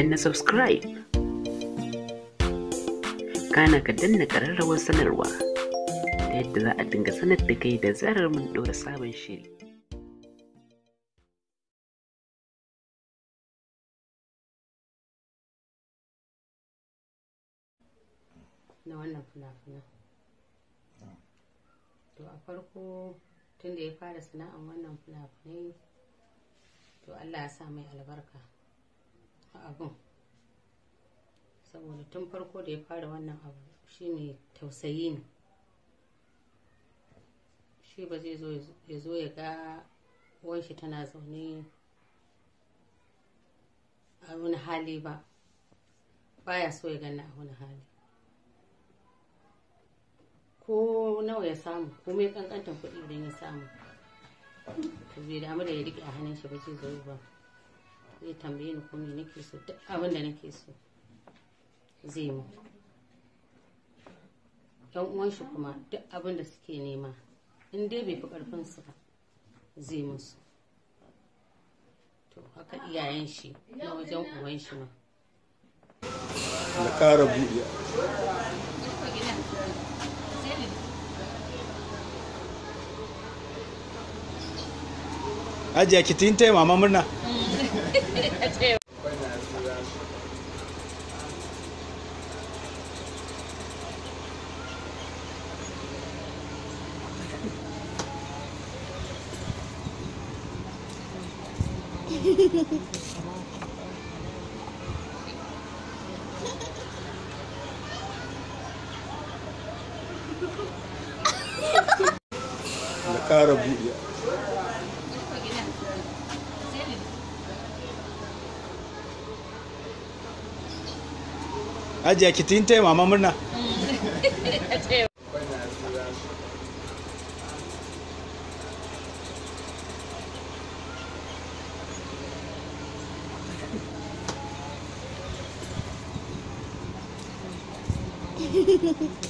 danna subscribe kana ka danna ƙararrawar sanarwa ta yadda za a dinga sanar da kai da zarar mun ɗora sabon shiri na wannan fina-finan to a farko tun da ya fara sana'an wannan fina-finai to allah ya sa mai albarka a abin saboda tun farko da ya fara wannan abu shine tausayi ne shi ba zai zo ya ga wanshi tana zaune a wani hali ba baya so ya gani a wani hali ko nawa ya samu ko mai kankantar kuɗi idan ya samu to damu da ya riƙe a hannun shi ba zai zo ba zai tambaye ni ko me nake so duk abin da nake so zai mu yan uwan shi kuma duk abin da suke nema in dai bai fi karfin su ba zai musu to haka iyayen shi na wajen uwan shi ma Na ƙara buɗe Ajiya kitin taimama mama murna. that too. Nakara Buya. ajiya ki tin mama murna Hehehehe